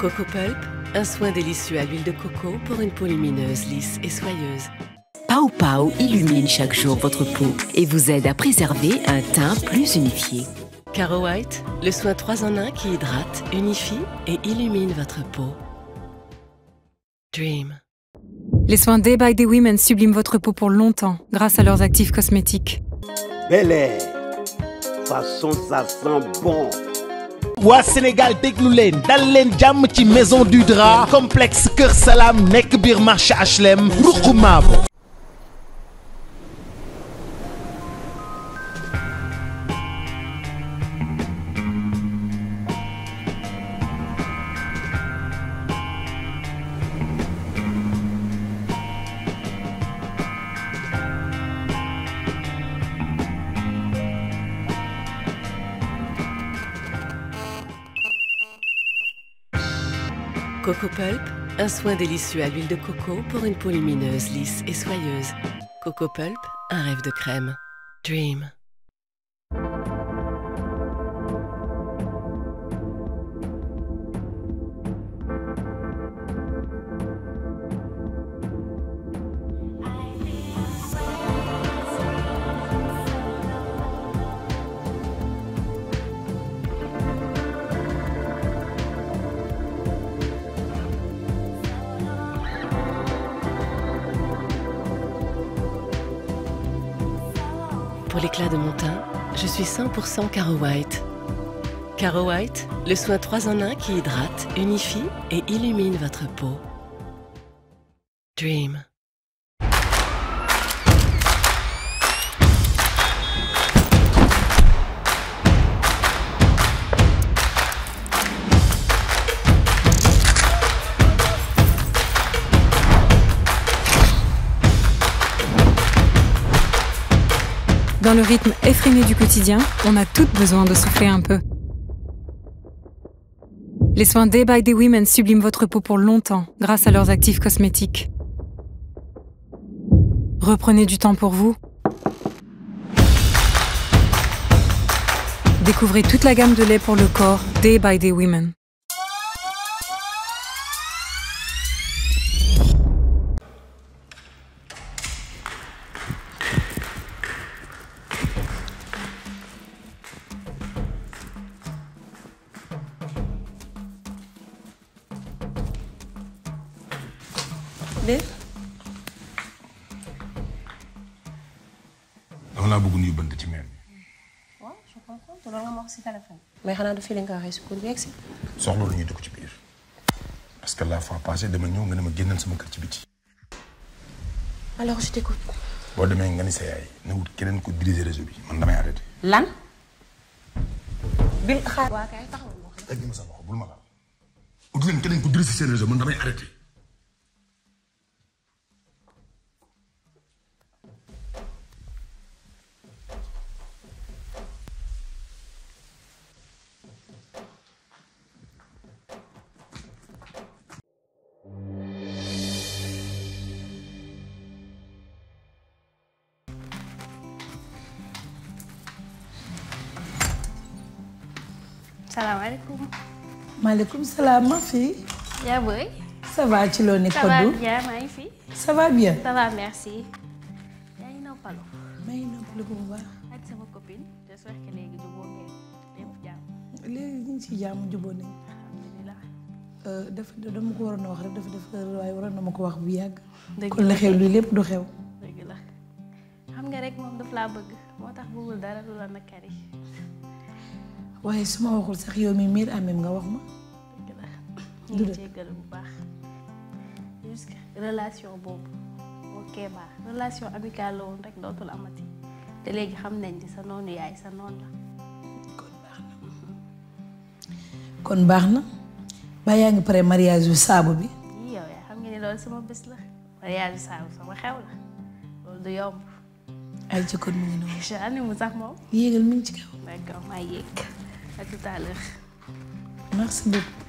Coco Pulp, un soin délicieux à l'huile de coco pour une peau lumineuse, lisse et soyeuse. Pao Pao illumine chaque jour votre peau et vous aide à préserver un teint plus unifié. Caro White, le soin 3 en 1 qui hydrate, unifie et illumine votre peau. Dream. Les soins Day by Day Women subliment votre peau pour longtemps grâce à leurs actifs cosmétiques. Belle air. Façon, ça sent bon wa Sénégal déglu leen dal leen maison du drap complexe Kersalam, Salam Nek, Bir marché HLM Coco Pulp, un soin délicieux à l'huile de coco pour une peau lumineuse, lisse et soyeuse. Coco Pulp, un rêve de crème. Dream. 100% Caro White. White, le soin 3 en 1 qui hydrate, unifie et illumine votre peau. Dream. Dans le rythme effréné du quotidien, on a toutes besoin de souffler un peu. Les soins Day by Day Women subliment votre peau pour longtemps grâce à leurs actifs cosmétiques. Reprenez du temps pour vous. Découvrez toute la gamme de lait pour le corps Day by Day Women. de. dama laa bëgg nuyu bënt ci mère bi. waaw je comprends xanaa du fii la nga waxee si cour lu ñuy dugg ci biir. parce que la fois passée dama ñëw nga ne ma génnal sama kër ci biti. alors je boo demee nga ni sa yaay na wut keneen ko diriger réseau bi man damay arrêté. lan. bil ma ut leen keneen ko diriger seen réseau man damay arrêté. salaamaaleykum. maaleykum salaam ma fille. yaa booy. ci loo nekk. ko va bien maa ngi fi. ça va bien. ça va merci. yaa ngi noppalu. maa ngi noppalu bu baax. ak sama copine j'espère que léegi juboo ngeen lépp jàmm. léegi ñu ngi ci jàmm euh, dafa dafa dafa waaye waroon na ma ko wax bu yàgg. kon la xew lu lépp du xew. nga rek laa bëgg moo tax bëggul dara lu la waaye su ma waxul sax yow mi miir amem nga wax ma. dëgg la jéggal bu baax. jusque relation boobu ok baax relation amicale la woon rek dootul amati te léegi xam nañ ni sa noonu yaay sa noonu la. kon baax na kon baax na ba yaa ngi pare mariage yu saabu bi. yow yaa xam nga ni loolu sama bés la mariage yu saabu sama xew la loolu du yomb. ay jëkkër mu ngi noonu. incha allah mu sax moom. yéegal mi ngi ci kaw. d'accord maa yéeg. Het is darle. Merci beaucoup.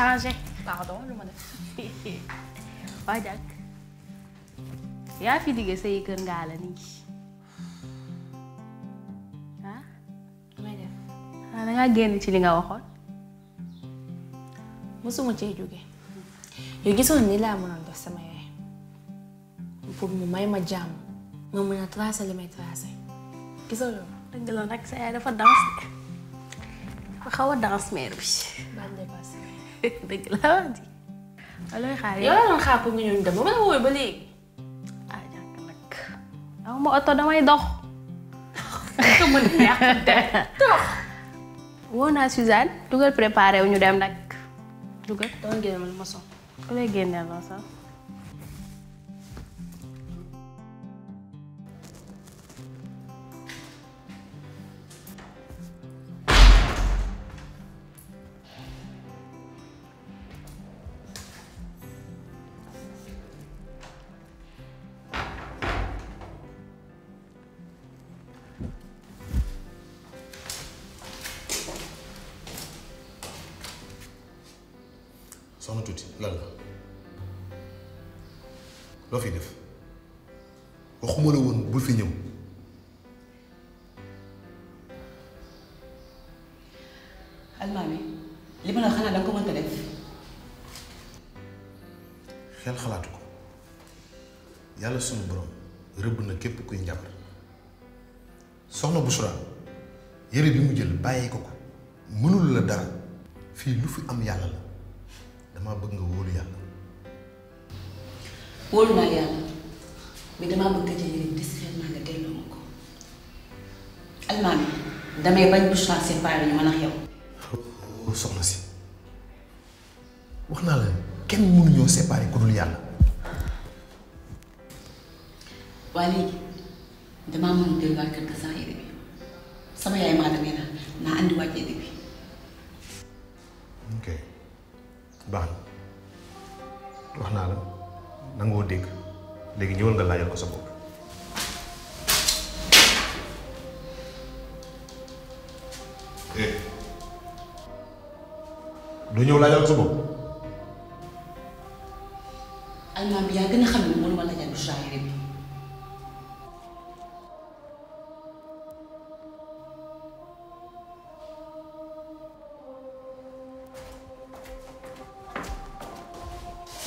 사랑하지? 나가 너무 많아. Wajak. yaa fi digge say kër ngaa la nii. ah. may def. ah da ngaa génn ci li nga waxoon. mosuma un gars. yow gisoon ni laa mënoon def sama yaay. pour mu may ma jàmm. ma mën a tracer li may tracer. gisoo loolu. dëgg la sa yaay dafa danse. dafa xaw a danse mère bi dëgg la wax ji alooy xaar yow la doon xaar pour nga ñëw ñu dem ba ma la wooyu ba léegi ah juga nag aw ma oto damay dox mën yàqte dox woo naa Suzanne dem nag سامي توتي لا لا لا في ديف واخوما لا وون بو في نيو المامي لي مانا خانا دانكو مانتا ديف خيل خلاتكو لا سونو بروم ربنا كيب كوي نجابر سونا بشرا يري بي مو جيل بايي كوكو منول لا دار في لوفي ام يالا لا damaa bëgg nga wóolu yàlla. wóolu naa yàlla mais damaa bëgg a jëlee discrètement nga delloo ma ko. almaami damay bañ Bouchra séparé ñu mën a yow. Oh, soxna wax naa la kenn mënuñoo séparé ku dul yàlla. waa léegi damaa mën a jël waa kër ga bi sama yaay maa demee naan naa andiwaat yére bi. baax na wax naa la nangoo dégg léegi ñëwal nga laajal ko sa bopp. Eh. doo ñëw laajal ko sa bopp. almaam yaa gën a xam ne mënuma laajal bu saa bi.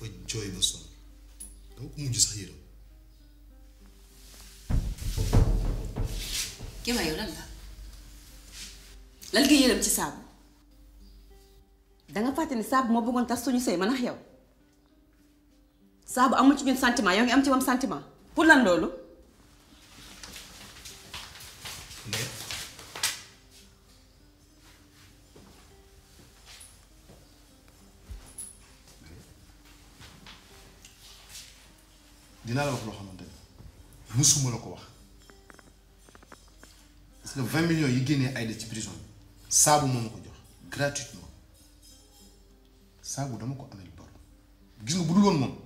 dafa jooy ba sonn dama ko yërëm. ci saabu danga fàtte ni saabu moo bëggoon tax suñu sëy man a yow saabu amul ci ñun sentiment yow ngi am ci moom sentiment pour lan loolu. dinaa la wax ne musuma la ko wax parce que 20 millions yi génnee ci prison bi gratuitement saabu dama ko bor gis nga bu dul woon moom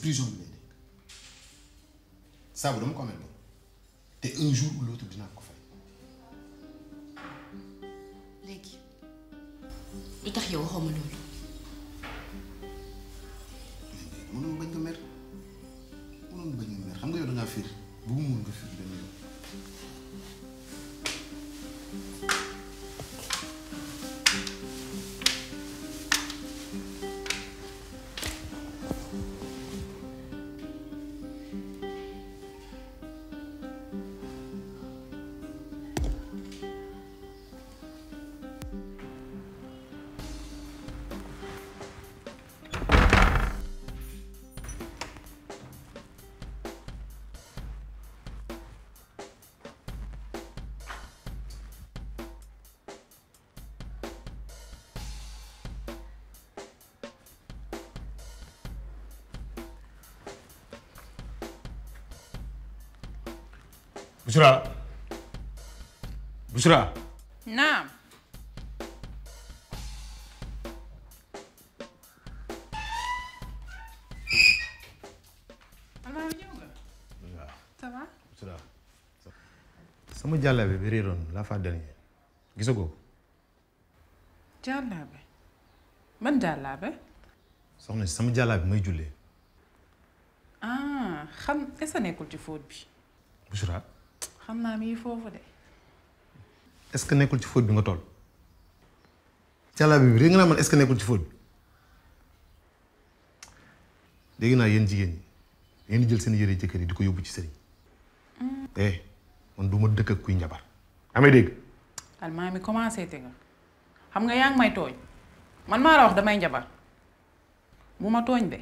prison bi lay dama ko un jour ou l'autre dinaa ko fay. léegi lu tax yow waxoo ma loolu. bañ mer. 너무 모르겠어요. Busra. Busra. naam. ça va. Busra. sama jàllabe bi réeroon laa faa dernier gisagoo. jàllabe man jàllabe. soxna si sama jàllabe may jullee. ah xam est-ce nekkul ci fóot bi. xam naa mii foofu de. est-ce que nekkul ci fóot bi nga tool càllaabi bi rek nga naa man est nekkul ci faute bi. dégg naa yéen jigéen ñi yéen jël seen yére jëkkër yi di ko yóbbu ci sëriñ. Mm. eh man du ma dëkk kuy njabar. amee dégg. almaa mi commencé te nga xam nga yaa ngi may tooñ man maa la wax damay njabar bu ma tooñ de.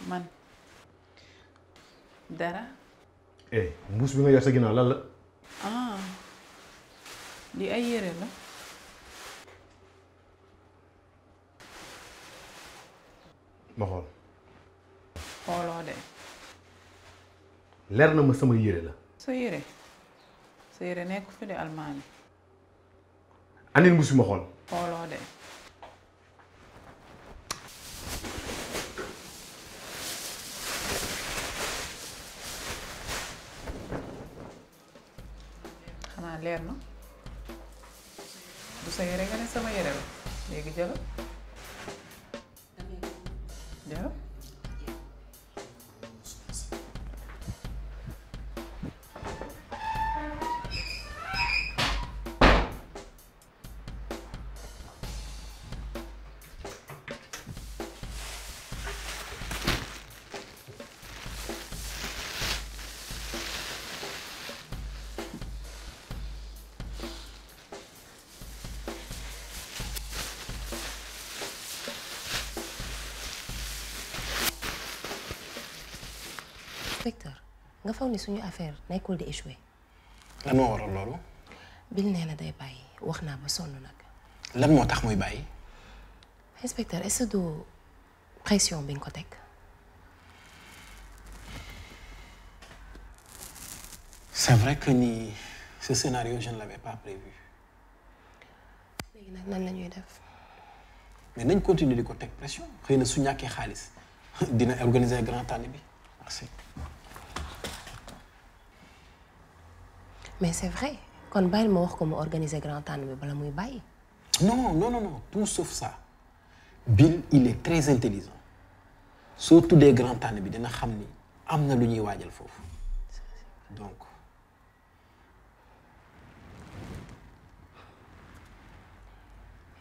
من دارا ايه موس بيغا يا سجينا لا لا اه دي اي ريلا مخول خولو دي لرنا ما سما ييري لا سيري سيري نيكو في دي الماني اني موس مخول خولو دي leer na du sa yére nga ne sama yére la léegi jëlal jëlal nga faw ni suñu affaire nekkul di échoué. lan moo waral loolu. bil nee na day bàyyi wax naa ba sonn nag. lan moo tax muy bàyyi. inspecteur est-ce du pression bi ko teg. c'est vrai que ni ce scénario je ne l'avais pas prévu. léegi nag nan la ñuy def. mais nañ continuer di ko teg pression xëy na su ñàkkee xaalis dina organiser grand tànn bi merci. mais c'est vrai Quand bàyyil ma wax ko mu organiser grand tànn bi bala muy bàyyi. non non non non tout sauf ça Bill il est très intelligent Surtout des grands tànn bi dina xam amna am na lu donc.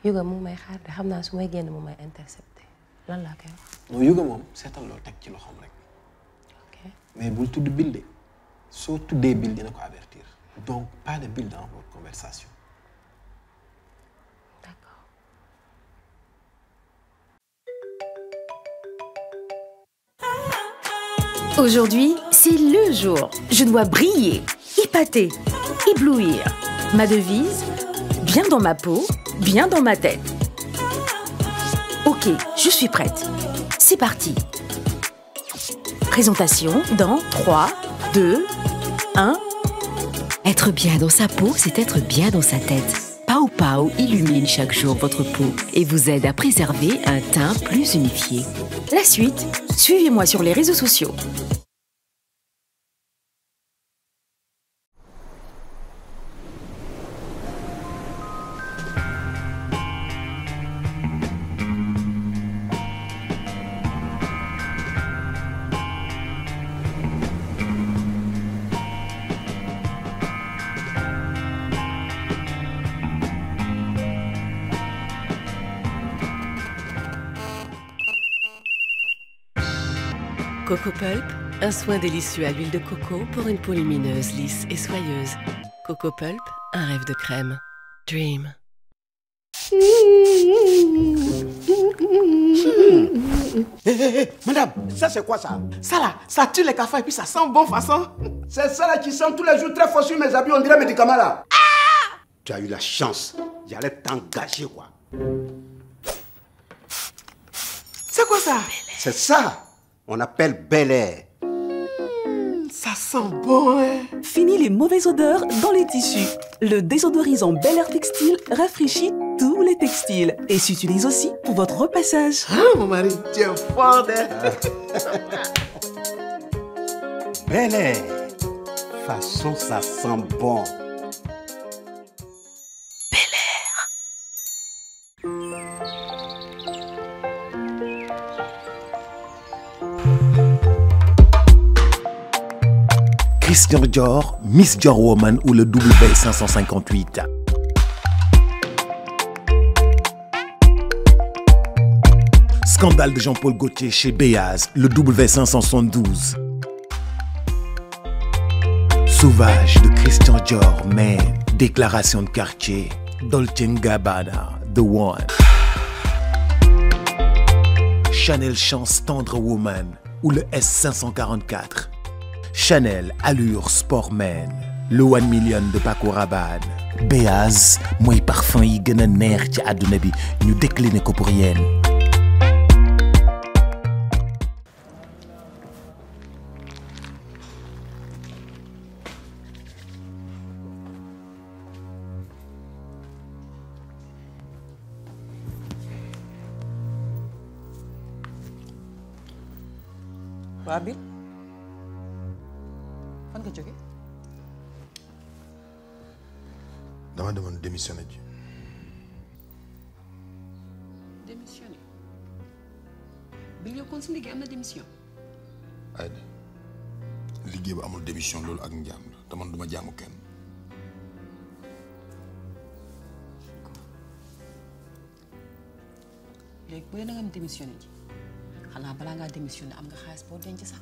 Yuga mu ngi may xaar de xam naa su may génn mu may intercepté lan laa koy wax. non Yuga moom seetal loo teg ci loxoom rek. mais bul tudd Bill de soo tuddee Bill dina ko avertir. Donc, pas de bulles dans votre conversation. D'accord. Aujourd'hui, c'est le jour. Je dois briller, épater, éblouir. Ma devise, bien dans ma peau, bien dans ma tête. Ok, je suis prête. C'est parti. Présentation dans 3, 2, 1. Être bien dans sa peau, c'est être bien dans sa tête. Pau Pau illumine chaque jour votre peau et vous aide à préserver un teint plus unifié. La suite, suivez-moi sur les réseaux sociaux. soin délicieux à l'huile de coco pour une peau lumineuse, lisse et soyeuse. Coco Pulp, un rêve de crème. Dream. Mmh. Hum. Eh, hey, eh, eh, hey, madame, ça c'est quoi ça Ça là, ça tue les cafards et puis ça sent bon façon. C'est ça là qui sent tous les jours très fort sur mes habits, on dirait médicaments là. tu as eu la chance, j'allais t'engager quoi. C'est quoi ça C'est ça, on appelle Bel Air bon, hein. Fini les mauvaises odeurs dans les tissus. Le désodorisant Bel Air Textile rafraîchit tous les textiles et s'utilise aussi pour votre repassage. Ah, mon mari, tu es fort, hein. Bel Air, façon ça sent bon. Christian Dior, Miss Dior Woman ou le W558. Scandale de Jean-Paul Gaultier chez Béaz, le W572. Sauvage de Christian Dior, mais déclaration de quartier, Dolce Gabbana, The One. Chanel Chance Tendre Woman ou le S544. Chanel Allure sportman..! le one million de Paco Rabanne Béaz moi parfum yi gën a neex ci bi décliné ko pour nga jóge dama demoon démissionné ji démissionné bi ñu ba amul démission loolu ak njaam la te man duma jaamu kenn léegi bu dee da nga am ji xanaa balaa ngaa démissionné am nga xaalis boo denc sax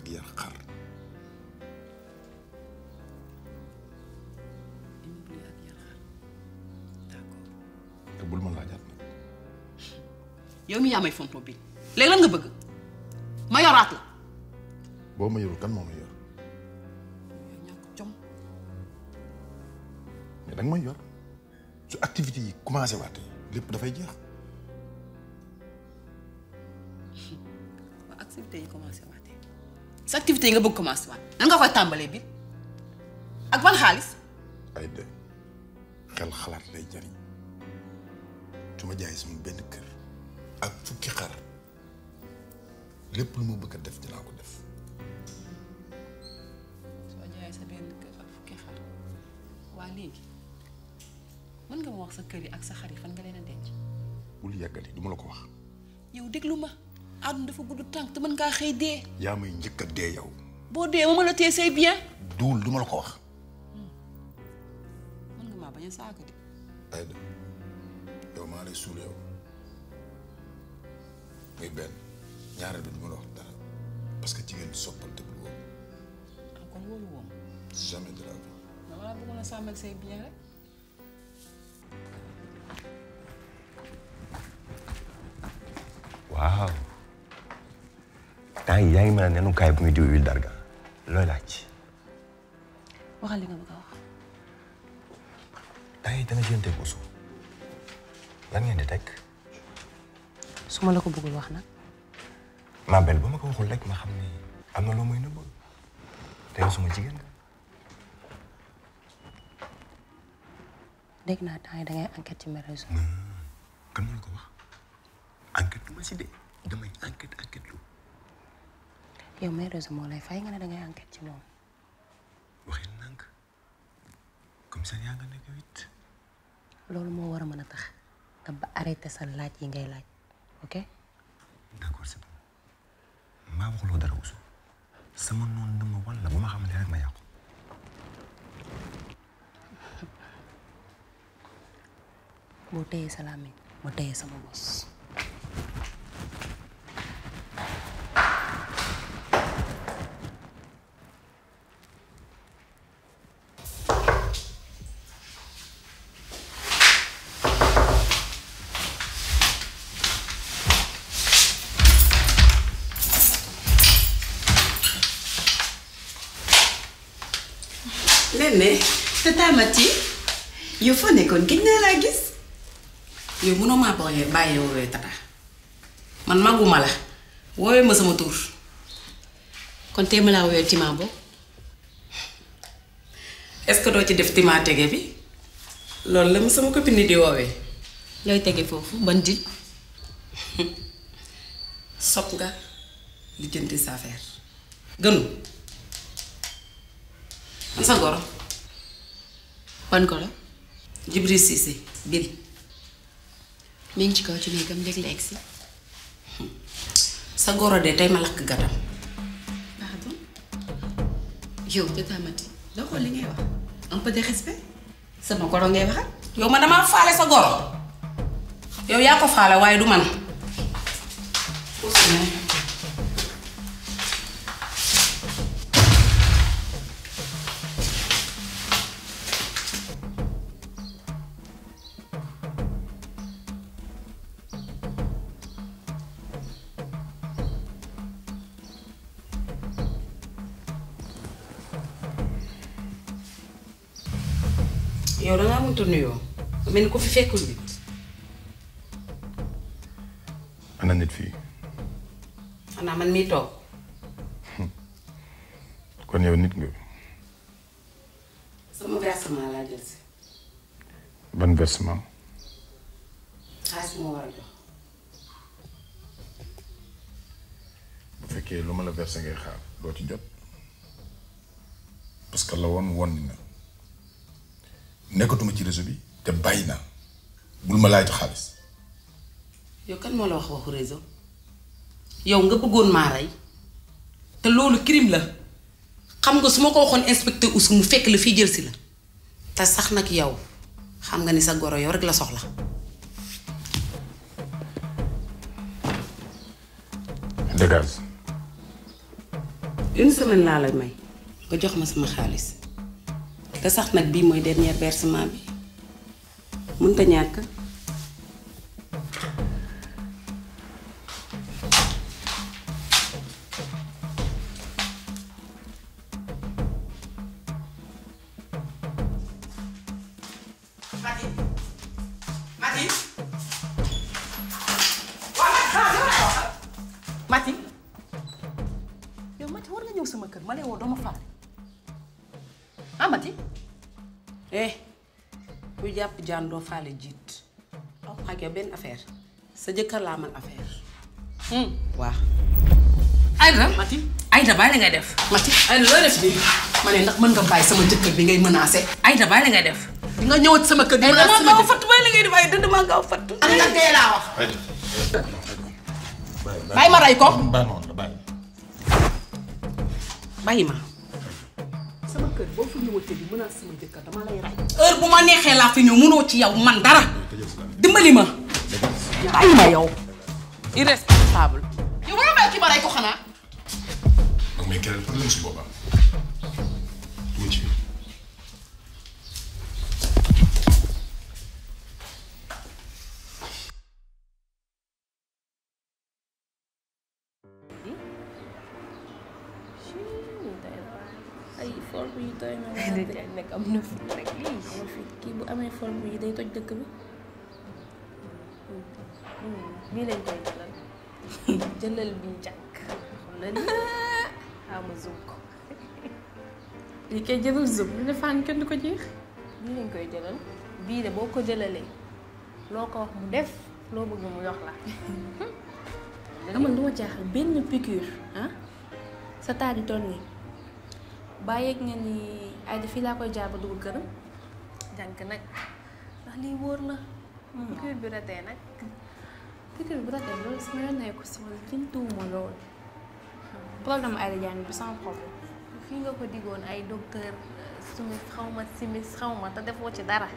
pagi yang kekar. Kebul mana aja? Yang minyak ya, main phone mobil. Lelah nggak begu? Mayor atau? Bawa mayor kan mau mayor. Nyak cum. Nyak mayor. So activity kumaha sih waktu? Lip udah fajar. Activity kumaha sa activité yi nga bëgg commencé waat nan nga koy tàmbalee bi ak ban xaalis. ay de xel xalaat lay jariñ su ma jaay sama benn kër ak fukki xar lépp lu ma bëgg a def dinaa ko def. soo jaayee sa benn kër ak fukki xar waa léegi mën nga ma wax sa kër yi ak sa xar yi fan nga leen a denc. bul yàggali du ma la ko wax. yow déglu ma. àdduna dafa gudd tànk te mën ngaa xëy dee. yaa may njëkk a dee yow. boo dee ma mën a téye say bien. duul du la ko wax. Hmm. mën nga maa bañ a saako de. Aïda yow maa lay suul yow muy benn ñaareel bi du ma la wax dara parce que jigéen soppante bu wóor. ah kon wóolu woon. jamais de la vie. dama la bëggoon a say bien rek. waaw temps yayi yaa ya, nenu ya, kay bu ngi diw huile ya, d'argan looy laaj. waxal li nga bëgg wax. temps yi da nga ko su lan ngeen di tek suma la ko bëggul wax nak ma bel bu ma ko waxul rek ma xam ni am na loo muy nëbb te yow suma jigéen nga. dégg naa temps yi da ngay enquête ci mes kan mo la ko wax enquête lu ma si dee damay enquête enquête lu yang maire moo lay ada nga ne dangay enquête ci moom. waxin nank commissaire yaa nga nekk it. loolu moo war a mën a ba arrêté sa laaj yi ngay laaj ok. d'accord c'est bon maa waxuloo dara usu sama noonu dama walla bu sama bos. Mati yow foo nekkoon gis naa laa man màgguma la woowee ma sama tur kon tey ma laa woowee timaa boobu est-ce que doo ci def timaa tege bi loolu la ma sama copine di woowee looy tege foofu ban di sopp nga lijjanti sa affaire gënu man sa goro ban ko la. Jibril Cissé bil ngi ci kaw ci néegam léegi la si. sa goro de tey ma lakk gatam. pardon yow Tata Mati da li ngay wax un respect sama goro ngay waxal yow ma damaa faale sa goro yow yaa ko faale waaye du man. ko fi fekkul nit ana nit fii ana man mii toog hmm. kon yow nit nga sama versement laa jël si ban versement xaalis moo war a jox bu fekkee lu ma la versé ngay xaar doo ci jot parce que la woon woon na nekkatuma ci réseau bi te bàyyi naa bul ma laaj xaalis. yow kan moo la wax waxu réseau yow nga bëggoon maa rey te loolu crime la xam nga su ma ko waxoon inspecteur Ousou mu fekk la fii jël si la te sax nag yow xam nga ni sa goro yow rek la soxla. dégage. une semaine laa lay may nga jox ma sama xaalis te sax nag bii mooy dernier versement bi. mënta ñàkk jaan doo faale jiit aw ma ak benn affaire sa jëkkër laa man affaire hmm. waaw Aïda Mati Aïda bàyyi la ngay def Mati Aïda loo def nii ma ne ndax mën nga bàyyi sama jëkkër bi ngay menacé Aïda bàyyi la ngay def nga ñëwat sama kër di menacé la ngay def Aïda damaa gaaw fatt am na tey ma rey ko bàyyi ma ñëwal te di menace sama jëkkër dama lay rey. heure bu ma neexee laa fi ñëw mënoo ci yow man dara dimbali ma. bàyyi ma yow. irresponsable. yow war a mel ci ba rey ko xanaa. mais quel problème si boobaa. uniforme yi day toj dëkk bi. bii lañ koy jëlal jëlal bi jàkk xam ma zoom ko. li koy jëlal zoom lu ne fànn kenn du ko jeex. bii lañ koy jëlal bii de boo ko jëlalee loo ko wax mu def loo bëgg mu yox la. amoon du ma jaaxal benn piqûre ah? sa taal toll nii bàyyeeg nga ni ay fii laa koy jaar ba dugg këram. jànk nag lii wóor na. piqûre bi ratee nag. piqûre bu ratee nga ko diggoon ay docteur xaw ma simis xaw ma te defoo ci dara.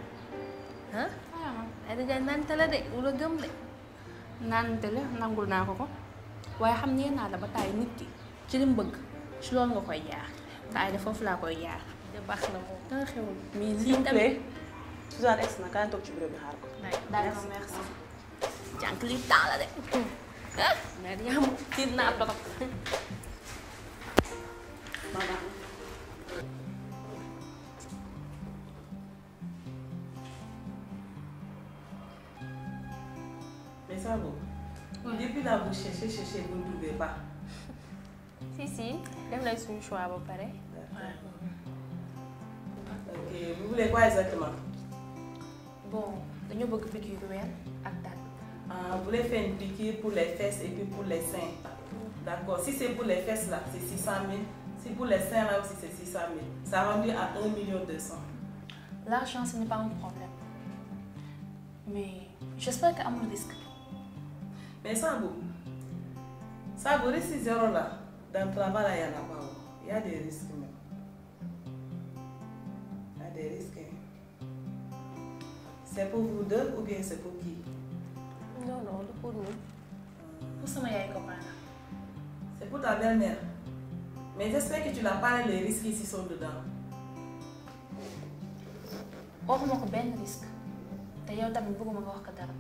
ah. Hmm. Aida Diagne naante la de wala gëm de. naante la nangul naa ko ko waaye xam nee naa la ba taay nit ki ci li bëgg ci loolu nga koy jaar taay de foofu laa koy jaar. baax na moom. danga xewul mais lii een Suzanne ex na kaay toog ci bureau bi xaar ko. d'accord merci. jànk lii la de. ah mais di nga xam tiit naa trop. mais ça va. oui depuis si si choix ba pare. ok vous voulez quoi exactement. bon nous bëgg piqûre ah, vous voulez faire une piquée pour les fesses et puis pour les seins. d'accord si c'est pour les fesses là c'est 600 six si pour les seins là aussi c'est ça rend venir à 1 million deux L'argent, ce n'est pas un problème mais j'espère y mon risque. mais ça vous risque zéro là dans le travail là y en a pas il y a des risques. C'est pour vous deux ou bien c'est pour qui Non, non, c'est pour nous. Pour ce là. C'est pour ta belle-mère. Mais j'espère que tu l'as parlé les risques qui sont dedans. On ne de risque te Tu tamit bëgguma nga wax ko dara.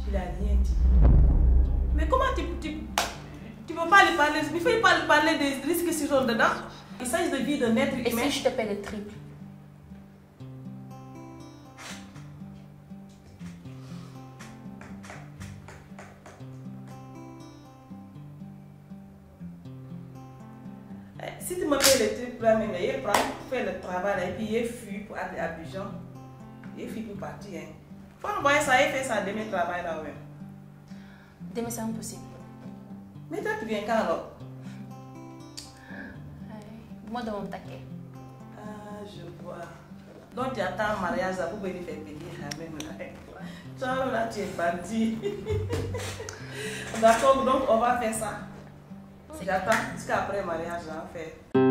tu l'as rien dit. mais comment tu tu tu peux pas lui parler il faut pas lui parler des risques qui sont dedans. il s'agit de vie d'un être humain. et si je te paie le triple. il fui pour aller à Abidjan. Il fui pour partir. Hein. Faut envoyer ça, il fait ça demain travail là ouais. Demain c'est impossible. Mais toi tu viens quand alors Moi dans mon taquet. Ah je vois. Donc tu attends le mariage là pour venir faire payer la même là. Toi là tu es parti. D'accord, donc on va faire ça. J'attends jusqu'après le mariage là, hein, faire. fait.